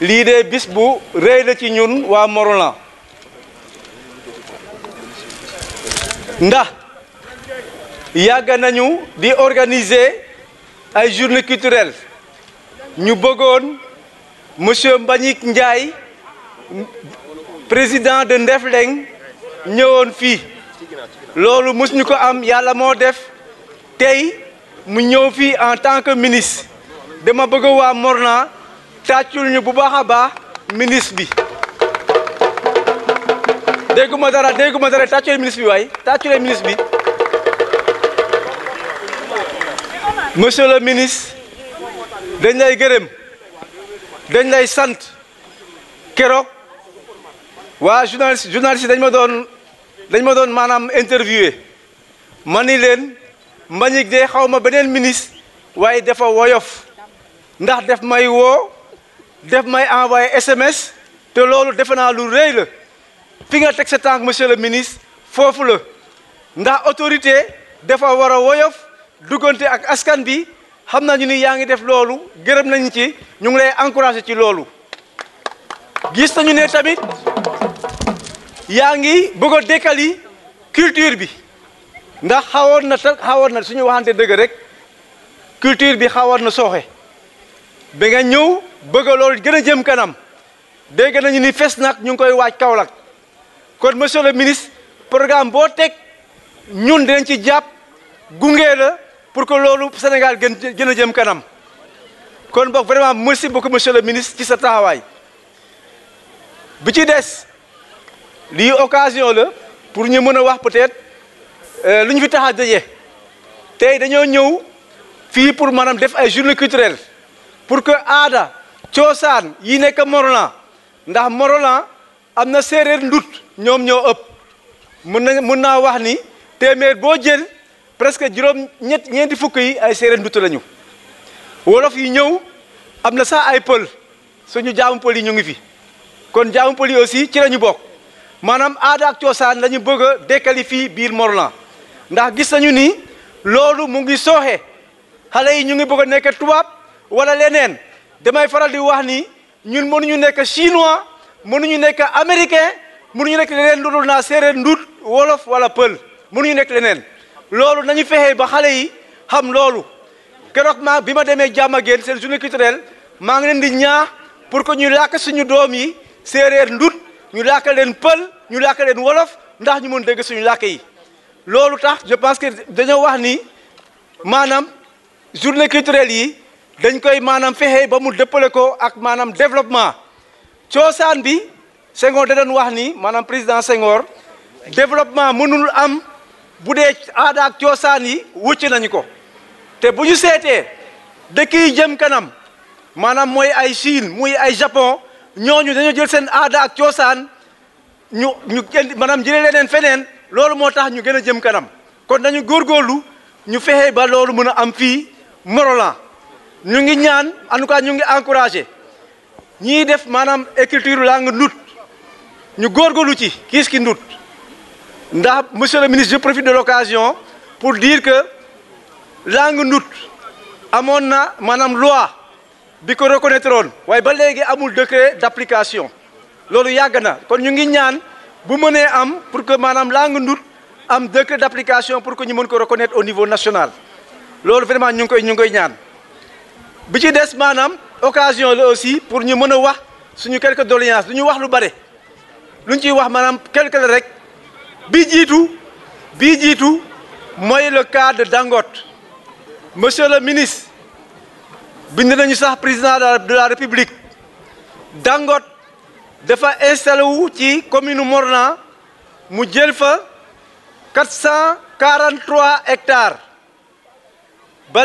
lii de bis bu rëy la ci ñun waa Morolan ndax yàgg nañu di organiser ay journée culturel ñu bëggoon monsieur Mbagnick njaay président de Ndefleng ñëwoon fii loolu mës ñu ko am yàlla moo def tey mu ñëw fii en tant que ministre dama bëgg waa Morolan tàccul ñu bu baax a baax ministre bi dégguma dara dégguma dara tàccule ministre bi waay tàccule ministre bi monsieur le ministre dañ lay gërëm dañ lay sant keroog waa journaliste journaliste dañ ma doon dañ ma doon maanaam interviewé ma ni leen Mbagnick de xaw ma beneen ministre waaye dafa woyof ndax def may woo def may envoyé SMS te loolu defe naa lu rëy la fi nga teg sa tànk monsieur le ministre foofu la ndax autorité dafa war a woyof duggante ak askan bi xam nañu ni yaa ngi def loolu gërëm nañu ci ñu ngi lay encouragé ci loolu. gis nañu ne tamit yaa ngi bëgg a dékkali culture bi ndax xawoon na ta xawoon na suñu waxante dëgg rek culture bi xawoon na sooxe. benga nga ñëw bëgg loolu gën a jëm kanam dégg nañu ni fes nag ñu ngi koy waaj Kaolack kon monsieur le ministre programme boo teg ñun dinañ ci jàpp gunge la pour que loolu Sénégal gën gën a jëm kanam kon boog vraiment merci beaucoup monsieur le ministre ci sa taxawaay bi ci des lii occasion la pour ñu mën a wax peut-être euh, lu ñu fi tax a daje tey dañoo ñëw fii pour maanaam def ay journée culturelle pour que ada ciosan yi nek Morolan ndax Morolan amna na séeréer ndut ñoom ñoo ëpp mën na wax ni témèr bo jël presque juróom ñett ñeenti fukk yi ay séeréer ndut lañu wolof yi ñew amna sa ay peul suñu jaamu peul yi ñu ngi fi kon jaamu peul yi aussi ci lañu bok manam ada ak ciosan lañu bëgg a dekkali fii biir Morolan ndax gis nañu ni lolu mu ngi sooxe xalé yi ñu ngi bëgg nekk wala leneen damay faral di wax ni ñun mënuñu nekk chinois mënuñu nekk américain mënuñu nekk leneen lu dul naa séeréer ndut wolof wala pël mënuñu nekk leneen loolu nañu fexe ba xale yi xam loolu keroog maa bi ma demee Diamaguène seen journée culturelle maa ngi leen di ñaax pour que ñu làkk suñu doom yi séeréer ndut ñu làkk leen pël ñu làkk leen wolof ndax ñu mën dégg suñu làkk yi loolu tax je pense que dañoo wax ni maanaam journée culturelle yi dañ koy maanaam fexe ba mu dëppale ko ak maanaam développement coosaan bi Senghor da doon wax ni maanaam président Senghor développement mënul am bu dee aada ak coosaan yi wëcc nañu ko te bu ñu seetee dëkk jëm kanam maanaam mooy ay Chine muy ay Japon ñooñu dañu jël seen aada ak coosaan ñu ñu maanaam jëlee leneen feneen loolu moo tax ñu gën a jëm kanam kon dañu góor góorlu ñu fexe ba loolu mën a am fii Morolan ñu ngi ñaan en tout cas ñu ngi encouragé ñii def maanaam écriture langue ndut ñu góorgóorlu ci kiis ki ndut ndax monsieur le ministre je profite de l'occasion pour dire que langue ndut amonna na loi biko reconnaître woon waaye ba léegi amul décret d'application loolu yàgg na kon ñu ngi ñaan bu am pour que maanaam langue ndut am décret d'application pour que ñu mën ko reconnaître au niveau national loolu vraiment ñu ngi koy ñu koy ñaan bi ci des manam occasion aussi pour nous mën wax suñu quelques doléances nous ñu wax lu nous lu ñu quelques wax maanaam quelque la rek bi le cas de Dangote monsieur le ministre bind nañu président de la république Dangote dafa installé wu ci commune Morna mu jël fa 443 hectares ba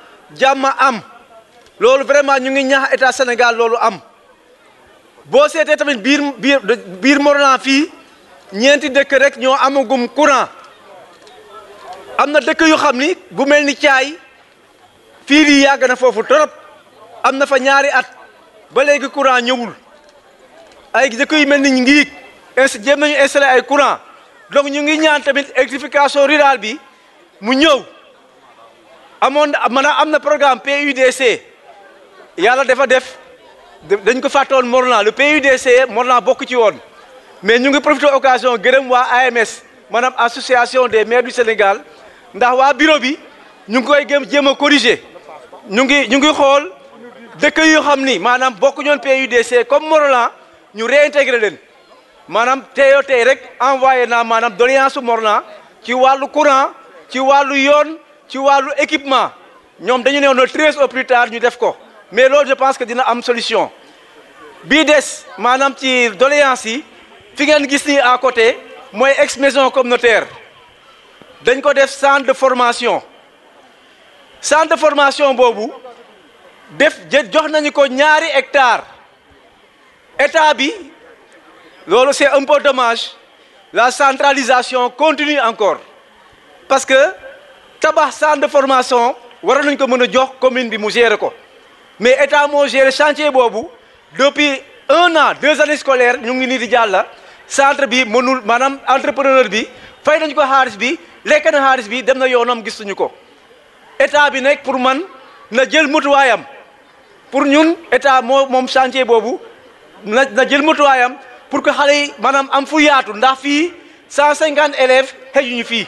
jàmm am loolu vraiment ñu ngi ñaax état senegal loolu am boo seetee tamit biir biir biir Morolan fii ñeenti dëkk rek ñoo amagum courant am na dëkk yu xam ni bu mel ni caay fii lii yàgg na foofu torop am na fa ñaari at ba léegi courant ñëwul ay dëkk yu mel ni ñu ngi ins jéem nañu installé ay courant donc ñu ngi ñaan tamit électrification rural bi mu ñëw. amoon programme PUDC Yalla la def dañ ko fatone le PUDC Morlan bokk ci mais nous ngi profité occasion AMS association des maires du Sénégal ndax wa bureau bi ñu ngi koy corriger ñu ngi ñu ngi xol dekk yu xamni manam PUDC comme Morlan ñu réintégré leen manam ci courant ci tu vois, l'équipement, nous avons donné le 13 au plus tard ñu faire. mais là, je pense que avons une solution Bides, Madame, Tir, ci doléance yi fi à côté moi ex maison communautaire dañ ko un centre de formation centre de formation def jox nañu hectare état c'est un peu dommage la centralisation continue encore parce que tabax centre de formation waroon nañ ko mën a jox commune bi mu gérer ko mais état moo géré chantier boobu depuis un an deux années scolaires ñu ngi nii di jàll centre bi mënul maanaam entrepreneur bi fay nañ ko xaalis bi lekk na xaalis bi dem na gis gisuñu ko état bi nekk pour man na jël mutuwaayam pour ñun état moo moom chantier boobu na na jël mutuwaayam pour que xale yi maanaam am fu yaatu ndax fii cent cinquante élèves xëjuñu fii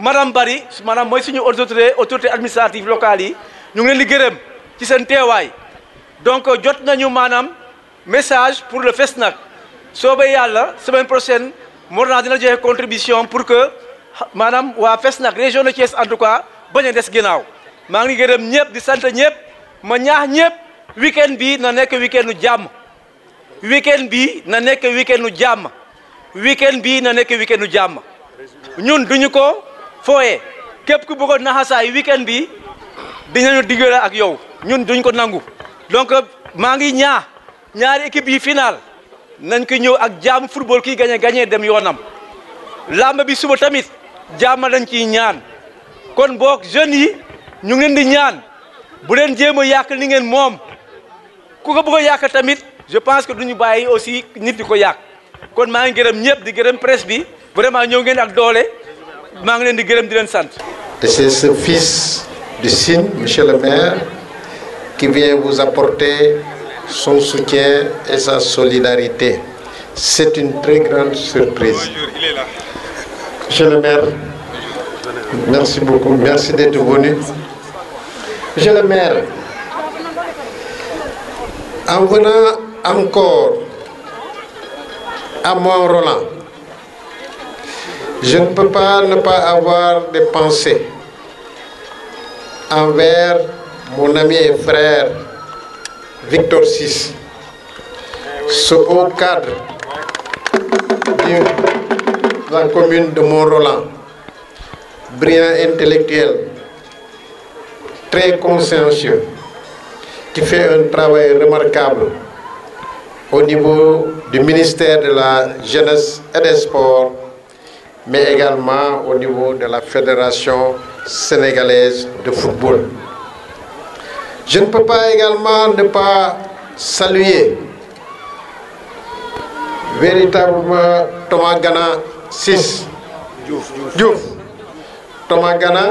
madame Barry, Madame Moïse, autorité autorité administrative locale nous ñu ngi leen gërëm donc jot nañu message pour le FESNAC So, la semaine prochaine mor dina contribution pour que Madame la région de Thiès en tout cas a des ginnaaw ngi gërëm ñëpp di sant ma weekend bi na nous weekend nu jàmm weekend bi na nekk weekend nous weekend bi na Nous, nous ñun duñu ko. fooye képp ku bëggoon naxasaay weekend bi dinañu diggale ak yow ñun duñ ko nangu donc maa ngi ñaa ñaari équipe yi final nañ ko ñëw ak jaam football kii gagné gagné dem yoonam làmb bi suba tamit jaama dañ ciy ñaan kon boog jeunes yi ñu ngeen di ñaan bu leen jéem a yàq li ngeen moom ku ko bëgg yàq tamit je pense que duñu bàyyi aussi nit di ko yàq kon maa ngi gërëm ñëpp di gërëm pres bi vraiment ñëw ngeen ak doole c'est ce fils du SIN, M. le maire, qui vient vous apporter son soutien et sa solidarité. C'est une très grande surprise. Monsieur le maire, merci beaucoup, merci d'être venu. Monsieur le maire, en venant encore à Mont-Roland, je ne peux pas ne pas avoir de pensées envers mon ami et frère Victor VI, ce haut cadre de la commune de Mont-Roland, brillant intellectuel, très consciencieux, qui fait un travail remarquable au niveau du ministère de la Jeunesse et des Sports mais également au niveau de la Fédération sénégalaise de football. Je ne peux pas également ne pas saluer véritablement Thomas Gana 6. Thomas Gana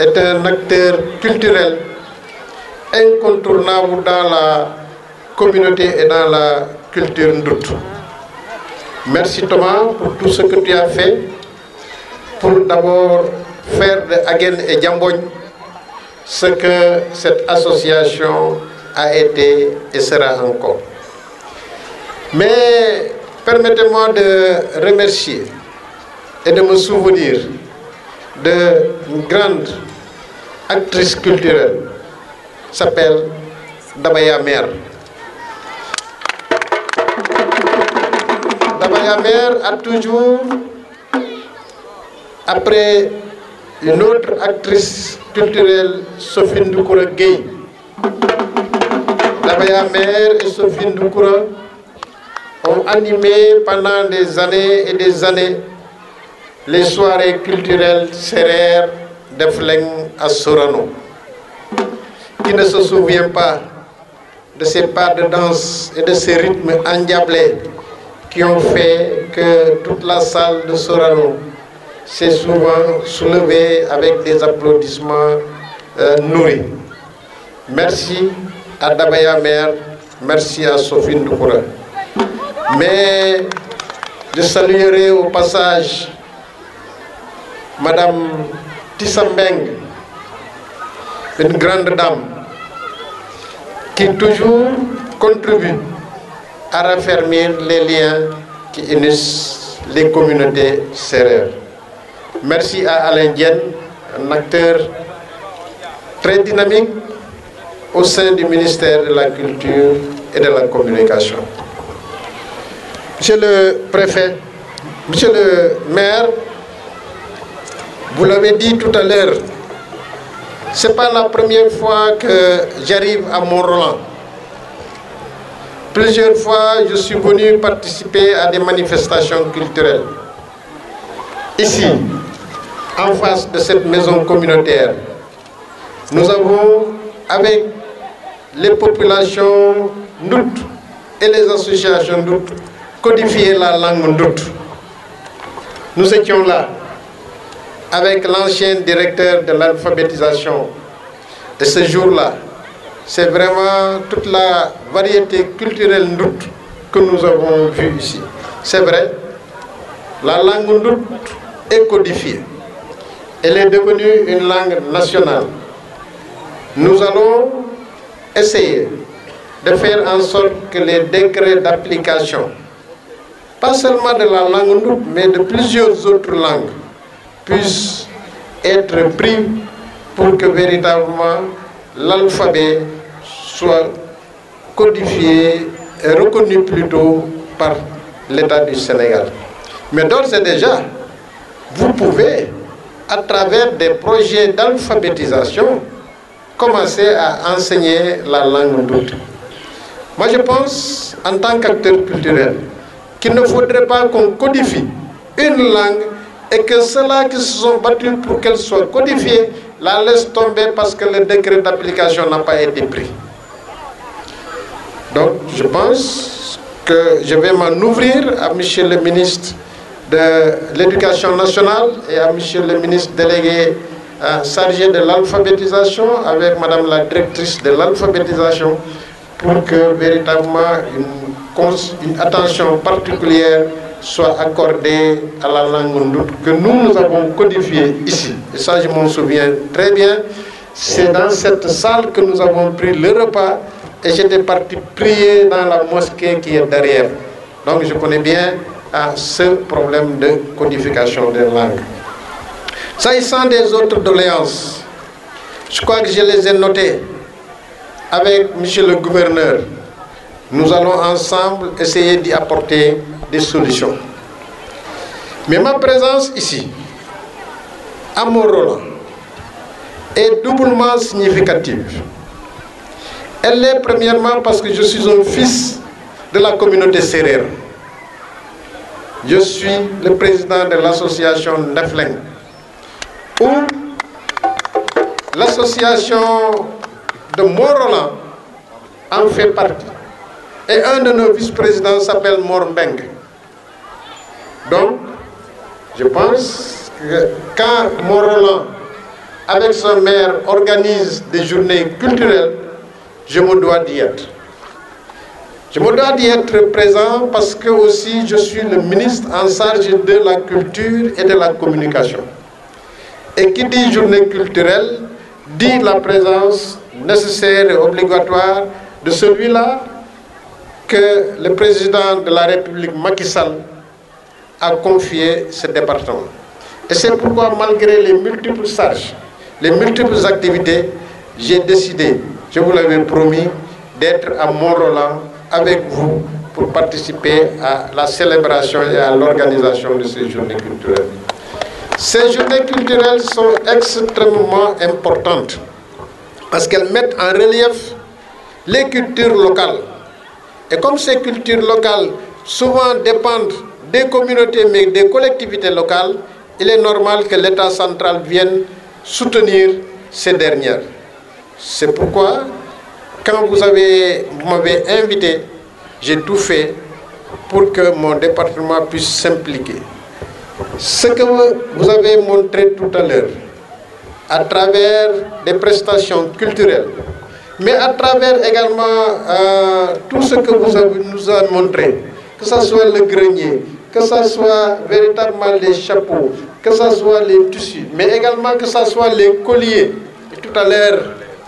est un acteur culturel incontournable dans la communauté et dans la culture ndoute. Merci Thomas pour tout ce que tu as fait pour d'abord faire de Hagen et Djambogne ce que cette association a été et sera encore. Mais permettez-moi de remercier et de me souvenir d'une grande actrice culturelle s'appelle Dabaya Mère. La Mère a toujours, après une autre actrice culturelle, Sophie Gaye. Gay. Bayamère et Sophie Ndoukoura ont animé pendant des années et des années les soirées culturelles serrères de Fleng à Sorano. Qui ne se souvient pas de ces pas de danse et de ces rythmes endiablés qui ont fait que toute la salle de Sorano s'est souvent soulevée avec des applaudissements euh, nourris. Merci à Dabaya Mère, merci à Sophie Ndoukoura. Mais je saluerai au passage Madame Tissambeng, une grande dame qui toujours contribue à raffermir les liens qui unissent les communautés serrées. Merci à Alain Dien, un acteur très dynamique au sein du ministère de la Culture et de la Communication. Monsieur le préfet, monsieur le maire, vous l'avez dit tout à l'heure, ce n'est pas la première fois que j'arrive à Mont-Roland. Plusieurs fois, je suis venu participer à des manifestations culturelles. Ici, en face de cette maison communautaire, nous avons, avec les populations d'outre et les associations d'outre, codifié la langue d'outre. Nous étions là avec l'ancien directeur de l'alphabétisation. de ce jour-là, c'est vraiment toute la variété culturelle noutre que nous avons vue ici. C'est vrai, la langue noutre est codifiée. Elle est devenue une langue nationale. Nous allons essayer de faire en sorte que les décrets d'application, pas seulement de la langue noutre, mais de plusieurs autres langues, puissent être pris pour que véritablement l'alphabet soit codifié et reconnu plutôt par l'État du Sénégal. Mais d'ores et déjà, vous pouvez, à travers des projets d'alphabétisation, commencer à enseigner la langue d'autres. Moi, je pense, en tant qu'acteur culturel, qu'il ne faudrait pas qu'on codifie une langue et que ceux-là qui se sont battus pour qu'elle soit codifiée la laissent tomber parce que le décret d'application n'a pas été pris. Donc je pense que je vais m'en ouvrir à Monsieur le ministre de l'Éducation nationale et à Monsieur le ministre délégué à euh, chargé de l'alphabétisation avec Madame la directrice de l'alphabétisation pour que véritablement une, attention particulière soit accordée à la langue que nous, nous avons codifiée ici. Et ça, je m'en souviens très bien. C'est dans cette salle que nous avons pris le repas et j'étais parti prier dans la mosquée qui est derrière. Donc je connais bien euh, ce problème de codification des langues. S'agissant des autres doléances, je crois que je les ai notées avec M. le gouverneur. Nous allons ensemble essayer d'y apporter des solutions. Mais ma présence ici, à rôle est doublement significative. Elle l'est premièrement parce que je suis un fils de la communauté sérère. Je suis le président de l'association Nefleng, où l'association de Moroland en fait partie. Et un de nos vice-présidents s'appelle Morbeng. Donc, je pense que quand Moroland avec son maire, organise des journées culturelles, je me dois d'y être. Je me dois d'y être présent parce que aussi je suis le ministre en charge de la culture et de la communication. Et qui dit journée culturelle dit la présence nécessaire et obligatoire de celui-là que le président de la République Macky Sall a confié ce département. Et c'est pourquoi malgré les multiples sages les multiples activités, j'ai décidé je vous l'avais promis d'être à Mont-Roland avec vous pour participer à la célébration et à l'organisation de ces journées culturelles. Ces journées culturelles sont extrêmement importantes parce qu'elles mettent en relief les cultures locales. Et comme ces cultures locales souvent dépendent des communautés mais des collectivités locales, il est normal que l'État central vienne soutenir ces dernières. C'est pourquoi, quand vous m'avez invité, j'ai tout fait pour que mon département puisse s'impliquer. Ce que vous avez montré tout à l'heure, à travers des prestations culturelles, mais à travers également euh, tout ce que vous nous avez montré, que ce soit le grenier, que ce soit véritablement les chapeaux, que ce soit les tissus, mais également que ce soit les colliers. tout à l'heure,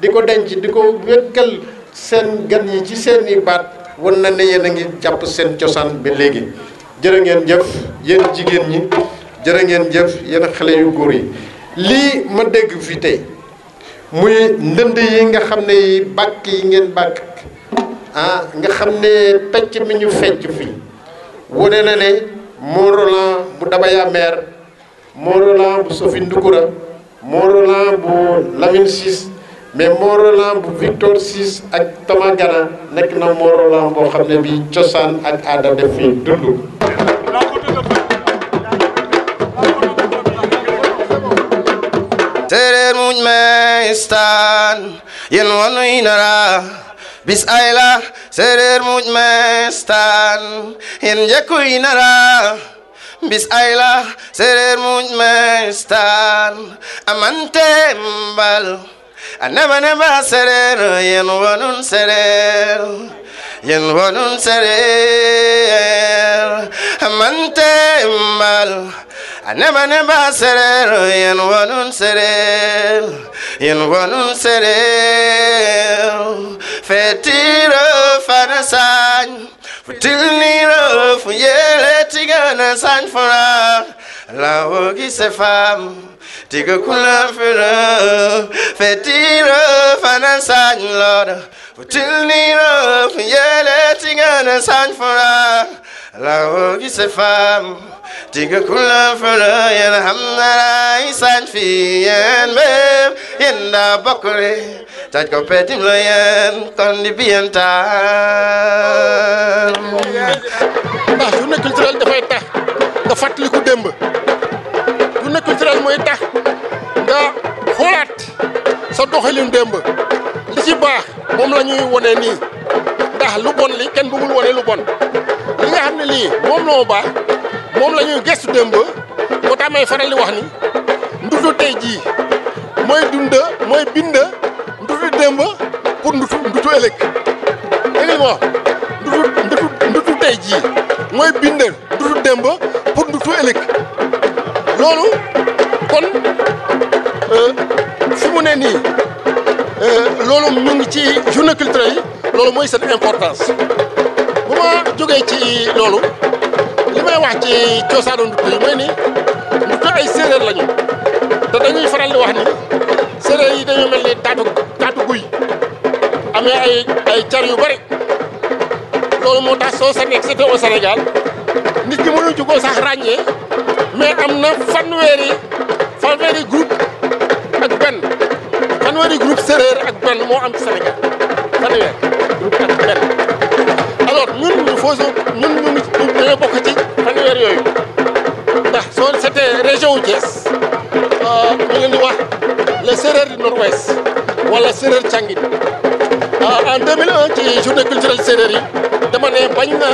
di ko denc di ko wékkal seen gan yi ci seeni i baat wan na ne yéen a ngi jàpp seen cosaan bi léegi jërë ngeen jëf yéen jigéen ñi jërë ngeen jëf yen xale yu góor yi lii ma dégg fii tey muy ndënd yi nga xam ne yi bàkk yi ngeen bàkk ah nga xam ne pecc mi ñu fecc fii wane na ne Mont bu Dabaya Mer Mont Rolland bu Sophie Ndoukoura Mont bu Lamine Ciss mais Mont Rolland bu Victor 6 ak Tamagana nekk na Mont Rolland boo xam ne bii cosaan ak aada def fi dund. séeréer muñ meestaan yéen wanuy nara nara bis ay la séeréer muñ meestaan amante mbal never never said it. yen wonun serer yen it. serer amante mal anaba naba serer yen wonun serer yen wonun serer fetiro fanasan Futilniro fuyele for sanfora la wogi se femme Digga kula fila Fetira fanan san loda Futilira fiyele tinga na san fura La hogi se fam Digga kula fila Yen hamdara isan fi yen beb Yen da bokore Tat ko petim lo yen kondi biyantan Bah, journée culturelle dafay tax nga fàttaliku démb économie culturelle mooy tax nga xoolaat sa doxalin démb li ci baax moom la ñuy wane nii ndax lu bon li kenn bëggul wane lu bon li nga xam ne lii moom la mu baax moom la ñuy gëstu démb boo taamay faral di wax ni ndutu tey jii mooy dund mooy bind ndutu démb pour ndutu ndutu ëllëg dégg nga ndutu ndutu ndutu tey jii mooy bind ndutu démb pour ndutu ëllëg loolu kon euh, fi mu ne nii euh, loolu mu ngi ci journée culturelle yi loolu mooy seen importance bu ma jógee ci loolu li may wax ci cosaanu nduttu yi mooy ni nduttu ay séeréer lañu te dañuy faral di wax ni séeréer yi dañoo mel ni taatu taatu guy amee ay ay car yu bari loolu moo tax soo sa nekk c'était au Sénégal nit ñi mënuñu ko sax mais am na fanweeri fanweeri groupe ak benn fanweeri groupe séeréer ak benn moo am Sénégal fanweer groupe ak benn alors ñun ñu fausse ñun ñu dañoo bokk fanweer yooyu ndax soo c'était région wu Thiès euh, ñu di wax les séeréer du nord-ouest wala séeréer càngin euh, en 2001 ci journée culturelle séeréer yi dama ne bañ na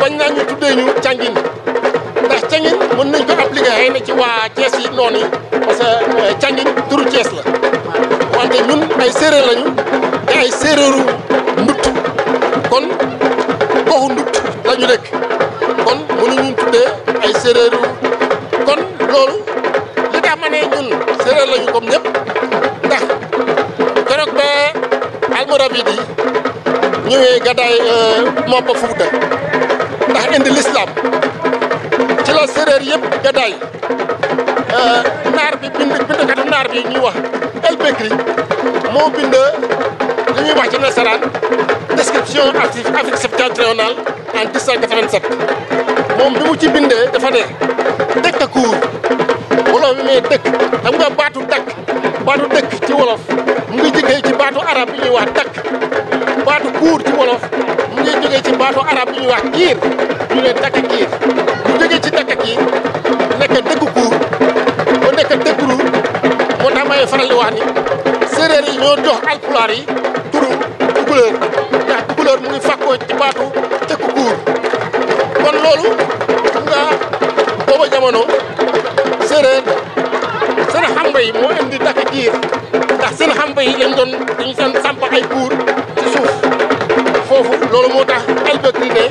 bañ naa ñu tuddee ñu càngin cangin mën nañ ko appliqué xëy na ci waa Thiès yi noonu yi parce que euh, cangin turu Thiès la wante ñun ay séeréer lañu te ay séeréeru ndutt kon goxu ndutt la ñu nekk kon mënuñu tuddee ay séeréeru kon loolu li tax ma ne ñun séeréer lañu comme ñëpp ndax keroog ba almoravid yi ñëwee gàddaay euh, Mappa Fuuta ndax indi l'islam la séréer yëpp gàddaay euh, naar bi bind bindkatu naar bi ñuy wax El Bekri moo bind li ñuy wax ci nasaraan description Afrique septentrionale en 1787 moom bi mu ci bindee dafa ne dëkk a kuur wolof bi mais dëkk xam nga baatu dakk baatu dëkk ci wolof mu ngi jigee ci baatu arab bi ñuy baatu kuur ci wolof ñu ngi jógee ci baatu arab bu ñuy wax kiir ñu ne dakka kiir ñu jógee ci dakka kiir nekk dëkku kuur ba nekk dëkku ruur moo tax may faral di wax ni séeréer yi ñoo jox alpulaar yi turu tukulóor ndax tukulóor mu ngi fàkkoo ci baatu dëkku kuur kon loolu nga booba jamono séeréer seen xamba yi moo indi dakka kiir ndax seen xamba yi lañ doon dañu seen samp ay buur ci suuf loolu moo tax Albert ni ne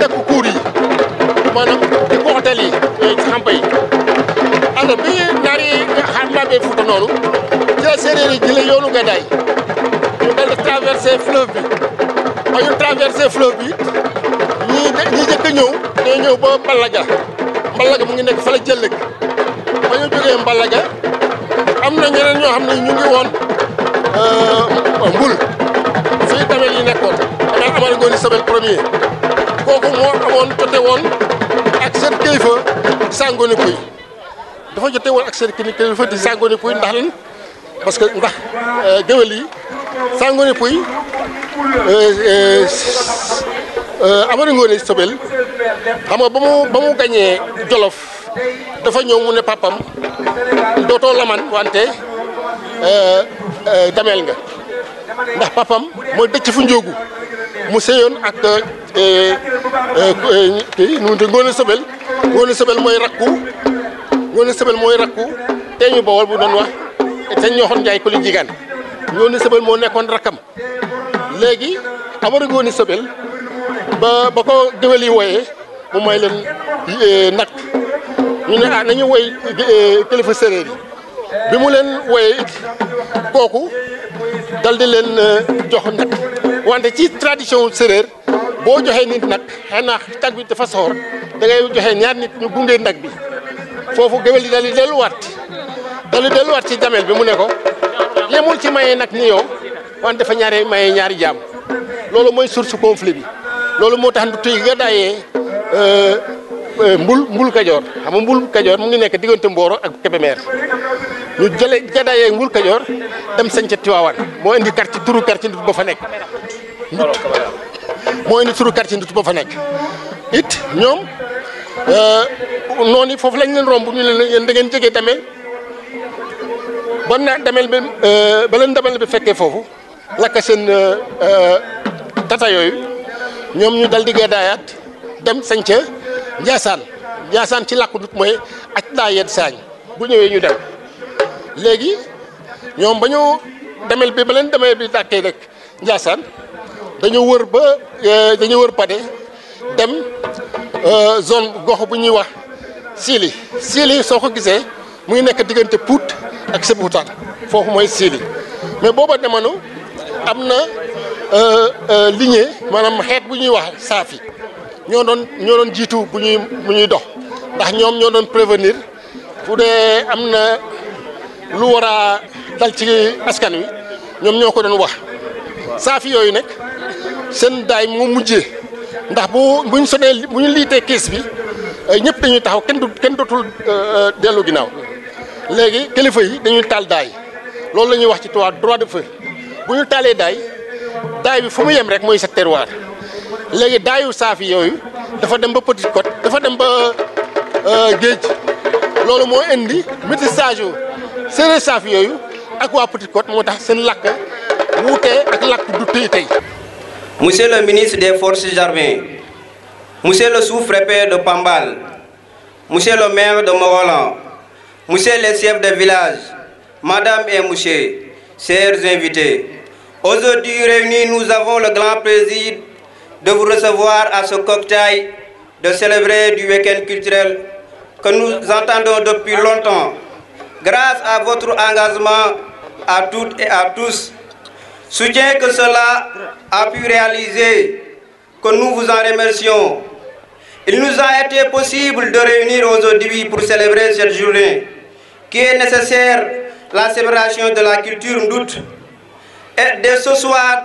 dëkk kuur yi maanaam di ko hôtel yi ci xampa yi alors bi naar yi mbaabee Fuuta noonu ci la séeréer yi jëlee yoonu gàddaay ñu dal di bi ba ñu traversé fleuve bi ñii ñi jëkk ñëw ñoo ñëw ba Mbalaga Mbalaga mu ngi nekk fële jëllëg ba ñu jógee Mbalaga am na ñeneen ñoo xam ne ñu ngi woon euh, mbul ñaari tabel yi nekkoon daan amal ngoon sabel premier ndax lan parce que ndax euh, géwél yi sàngooni kuy euh, euh, amal ngoon sabel xam nga ba mu gañee jolof dafa ñëw mu ne papam dootoo laman wante dameel nga ndax papam mooy dëcc fu njóogu mu seyoon ak euh, euh, euh, kii nu mu Ngoone Sobel Ngoone Sobel mooy rakku Ngoone Sobel mooy rakku te ñu bawal bu doon wax sëñ ñoo xoon Njaay ko jigaan Ngoone Sobel moo nekkoon rakkam léegi amara Ngoone Sobel ba ba ko géwél woye wooyee mu may leen nag ñu ne ah nañu woy kilifa séeréer bi mu leen wooyee it kooku dal di leen euh, jox nag wante ci tradition séréer boo joxee nit nag xanaa tag bi dafa soxor da ngay joxe ñaar nit ñu gunge nag bi foofu géwél yi dal delluwaat dal di delluwaat ci jamel bi mu ne ko yemul ci maye nag ni yow wante fa ñaaree maye ñaari jaam loolu mooy source conflit bi loolu moo tax ndu tuy nga daayee euh, Euh, mbul mbul kajoor xam mbul kajoor mu ngi nekk diggante Mboro ak Kébémer ñu jëlee jadaayee mbul kajoor dem sañ ca Tiwaawan moo indi quartier turu quartier ndut ba fa nekk. moo indi turu fa nekk it ñoom euh, noonu foofu lañ leen romb ñu leen yéen da ngeen jege damel bon naa damel ba euh, ba leen damel bi fekkee foofu lakka seen tata yooyu ñoom ñu dal di gadaayaat dem sañ Njaasaan Njaasaan ci làkku dut mooy aj daa yedd saañ bu ñëwee ñu dem léegi ñoom ba ñu demel bi ba leen demee bi tàkkee rek Njaasaan dañu wër ba eh, dañu wër pade dem eh, zone gox bu ñuy wax Sili Sili soo ko gisee mu ngi nekk diggante Pout ak Sébikotane foofu mooy Sili mais booba demoon am na eh, lignée maanaam xeet bu ñuy wax saafi ñoo doon ñoo doon jiitu bu ñuy bu ñuy dox ndax ñoom ñoo doon prévenir bu dee am na lu war a dal ci askan wi ñoom ñoo ko doon wax saafi yooyu nag seen daay moo mujjee ndax bu bu ñu sonee bu ñu liitee kees bi ñëpp dañuy taxaw kenn du kenn dootul euh, euh, dellu ginnaaw léegi kilifa yi dañuy taal daay loolu la ñuy wax ci droit de feu bu ñu taalee daay daay bi fu mu yem rek mooy sa terroir. léegi daayu safi yooyu dafa dem ba Petite Côte dafa dem ba euh, géej lolu mo indi métissage yu séeréer saafi yooyu ak wa Petite Côte motax sen seen wouté ak làkk du tey tey. Monsieur le ministre des Forces armées, Monsieur le sous-préfet de Pambal, Monsieur le maire de Morolan, Monsieur les chefs de village, Madame et Monsieur, chers invités, aujourd'hui réunis, nous avons le grand plaisir de vous recevoir à ce cocktail de célébrer du week-end culturel que nous entendons depuis longtemps. Grâce à votre engagement à toutes et à tous, soutien que cela a pu réaliser, que nous vous en remercions. Il nous a été possible de réunir aujourd'hui pour célébrer cette journée, qui est nécessaire la célébration de la culture doute. Et de ce soir,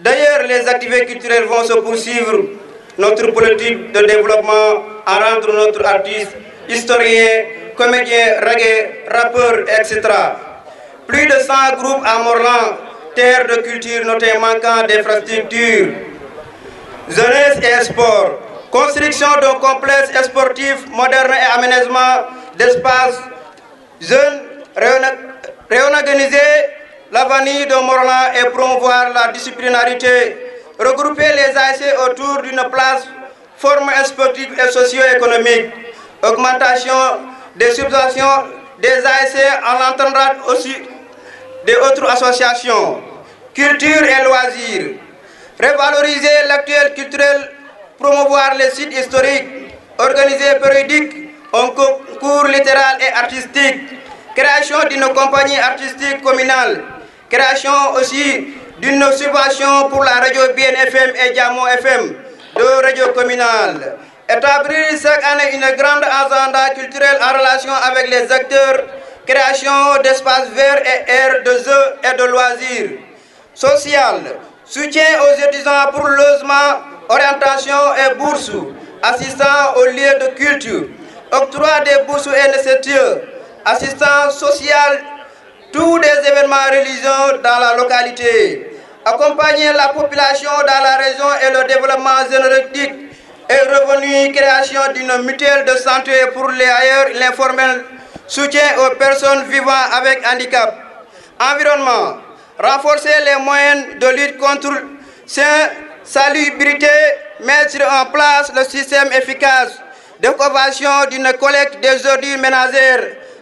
D'ailleurs, les activités culturelles vont se poursuivre. Notre politique de développement à rendre notre artiste, historien, comédien, reggae, rappeur, etc. Plus de 100 groupes à Morlan, terre de culture notée manquant d'infrastructures. Jeunesse et sport. Construction d'un complexe sportifs, modernes et aménagement d'espaces jeunes réorganisés l'avenir de Morland est promouvoir la disciplinarité, regrouper les ASC autour d'une place, forme sportive et socio-économique, augmentation des subventions des ASC en l'entendant aussi des autres associations, culture et loisirs, revaloriser l'actuel culturel, promouvoir les sites historiques, organiser périodiques, en concours littéral et artistique, création d'une compagnie artistique communale, Création aussi d'une subvention pour la radio BNFM et Diamond FM, deux radios communales. Établir chaque année une grande agenda culturelle en relation avec les acteurs, création d'espaces verts et aires de jeux et de loisirs. Social, soutien aux étudiants pour logement, orientation et bourse, assistant aux lieux de culture, octroi des bourses et ce assistance sociale tous les événements religieux dans la localité, accompagner la population dans la région et le développement est et revenu, création d'une mutuelle de santé pour les ailleurs, l'informel, soutien aux personnes vivant avec handicap. Environnement, renforcer les moyens de lutte contre sa salubrité, mettre en place le système efficace de d'une collecte des ordures ménagères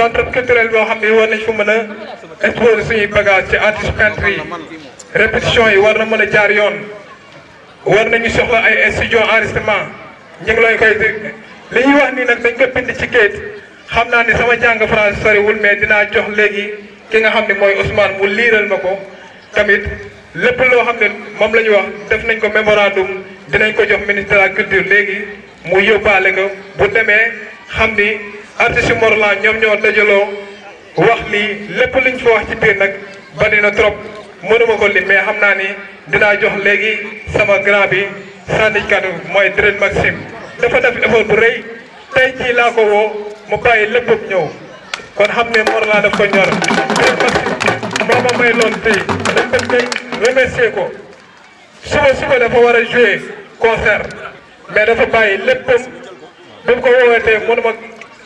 centre culturel boo xam ne war nañ fa mën a exposer suñuy bagage ci artiste peintre yi répétition yi war na mën a jaar yoon war nañu soxla ay studio enregistrement ñu ngi lay koy li ñuy wax nii xam naa ni sama jàng français soriwul mais dinaa jox léegi ki nga xam ne mooy Ousmane mu liiral ma ko tamit lépp loo xam ne moom la ñu wax def nañ ko mémorandum dinañ ko jox ministre de la culture léegi mu yóbbaale ko bu demee xam ni artiste Mor Lan ñoom ñoo dajaloo wax lii lépp luñ fa wax ci biir nag bari na trop mënuma ko li mais xam naa ni dinaa jox léegi sama grand bi sànni kaddu mooy Dred Maxime dafa def effort bu rëy tey jii laa ko woo mu bàyyi lépp ñëw kon xam ne Mor Lan daf ko ñor Dred Maxime moo ma may loon tey dañ tey remercier ko suba suba dafa war a jouer concert mais dafa bàyyi lépp bi mu ko woowee tey mënuma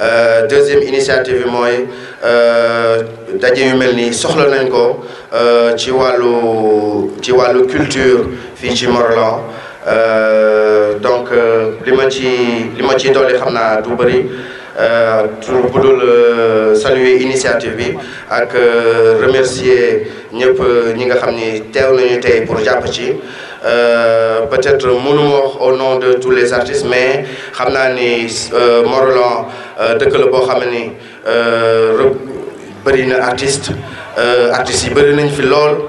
Euh, deuxième initiative bi mooy euh, daje yu mel nii soxla nañ ko euh, ci wàllu ci wàllu culture fii ci mont donc li ma ci li ma ci dolli xam naa pour le saluer initiative bi ak remercier ñëpp ñi nga xam ni pour jàpp ci peut-être mon nom au nom de tous les artistes mais xam naa ni Euh, dëkk la boo xam ne euh, bëri na artiste euh, artistes yi bëri nañ fi lool.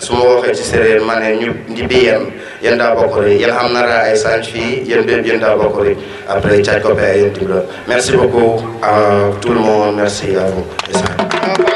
suma waxee ci séréer ma ne ñu ndibi yen yen daa bokkori yen xam nara ay sanj fii yen béb yen daa bokkori après caaj ko pay merci beaucoup à uh, tout le monde merci à vous